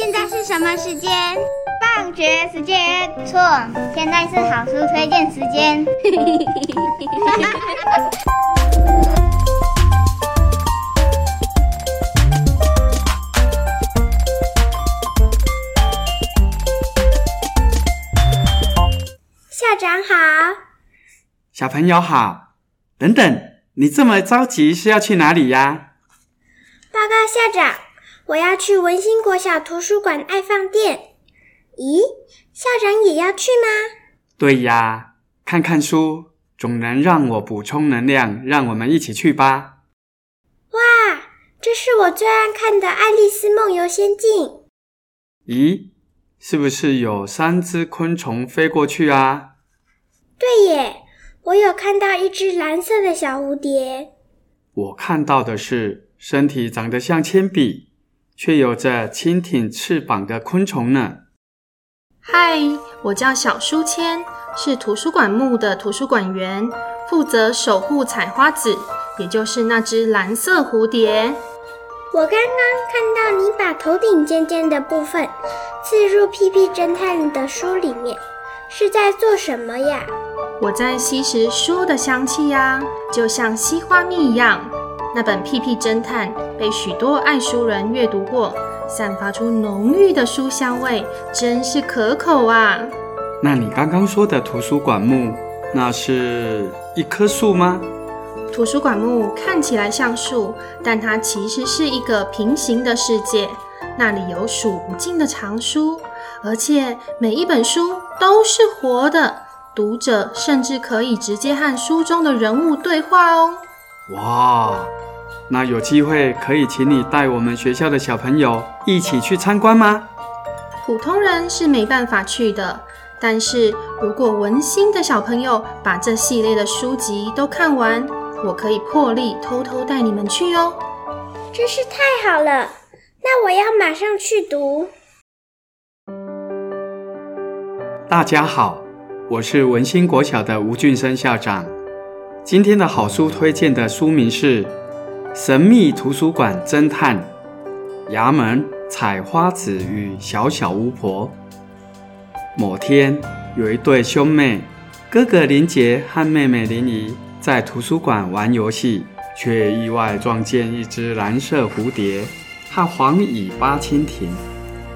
現在是什麼時間？放學時間。錯，現在是好書推薦時間。 校長好，小朋友好。等等，你這麼着急是要去哪裡呀？啊？報告校長。我要去文欣國小圖書館愛放電。咦，校長也要去嗎？對呀，看看書總能讓我補充能量。讓我們一起去吧。哇，這是我最愛看的《愛麗絲夢遊仙境》。咦，是不是有三隻昆蟲飛過去啊？對耶，我有看到一隻藍色的小蝴蝶。我看到的是身體長得像鉛筆卻有着蜻蜓翅膀的昆蟲呢。嗨，我叫小書籤，是圖書館木的圖書館員，負責守護彩花籽，也就是那隻藍色蝴蝶。我剛剛看到你把頭頂尖尖的部分刺入屁屁偵探的書裡面，是在做什麼呀？我在吸食書的香氣呀，就像吸花蜜一樣。那本《屁屁偵探》被許多愛書人閱讀過，散發出濃郁的書香味，真是可口啊！那你剛剛說的圖書館木，那是一棵樹嗎？圖書館木看起來像樹，但它其實是一個平行的世界，那裡有數不盡的藏書，而且每一本書都是活的，讀者甚至可以直接和書中的人物對話哦。哇，那有機會可以請你帶我們學校的小朋友一起去參觀嗎？普通人是沒辦法去的，但是如果文欣的小朋友把這系列的書籍都看完，我可以破例偷偷帶你們去喲。真是太好了，那我要馬上去讀。大家好，我是文欣國小的吳俊生校長。今天的好書推薦的書名是《神秘圖書館偵探》，芽門、彩花籽與小小巫婆。某天，有一對兄妹，哥哥林杰和妹妹林怡，在圖書館玩遊戲，卻意外撞見一只藍色蝴蝶和黃尾巴蜻蜓。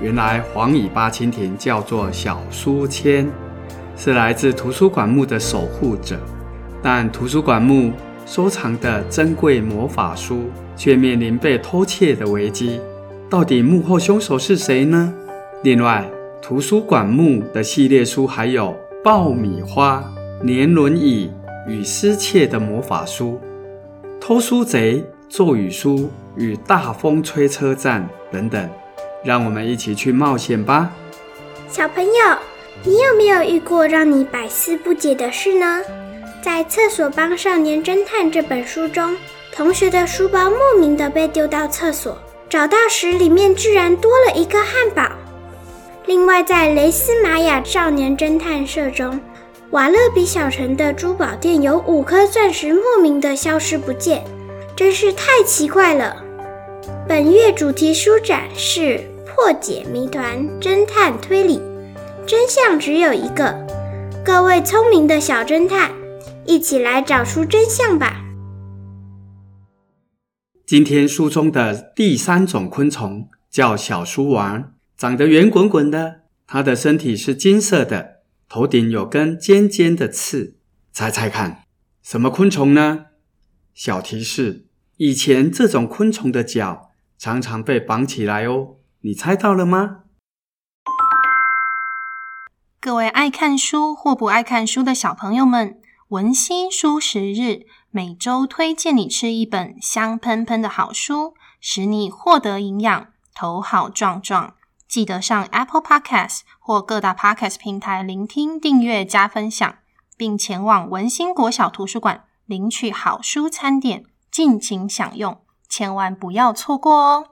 原來，黃尾巴蜻蜓叫做小書籤，是來自圖書館木的守護者。但圖書館木收藏的珍貴魔法書卻面臨被偷竊的危機，到底幕後凶手是誰呢？另外，圖書館木的系列書還有《爆米花、年輪椅與失竊的魔法書》、《偷書賊、咒語書與大風吹車站》等等，讓我們一起去冒險吧！小朋友，你有沒有遇過讓你百思不解的事呢？在《廁所幫少年偵探》這本書中，同學的書包莫名的被丟到廁所，找到時裡面居然多了一個漢堡。另外，在《雷思瑪雅少年偵探社》中，瓦勒比小城的珠寶店有五顆鑽石莫名的消失不見，真是太奇怪了。本月主題書展是破解謎團、偵探推理，真相只有一個。各位聰明的小偵探。一起來找出真相吧！今天書中的第三種昆蟲叫小書丸，長得圓滾滾的，它的身體是金色的，頭頂有根尖尖的刺。猜猜看，什麼昆蟲呢？小提示：以前這種昆蟲的腳常常被綁起來哦。你猜到了嗎？各位愛看書或不愛看書的小朋友們。文欣書食日每週推薦你吃一本香噴噴的好書，使你獲得營養，頭好壯壯。記得上 Apple Podcast 或各大 Podcast 平台聆聽、訂閱、加分享，並前往文欣國小圖書館領取好書餐點，盡情享用，千萬不要錯過哦！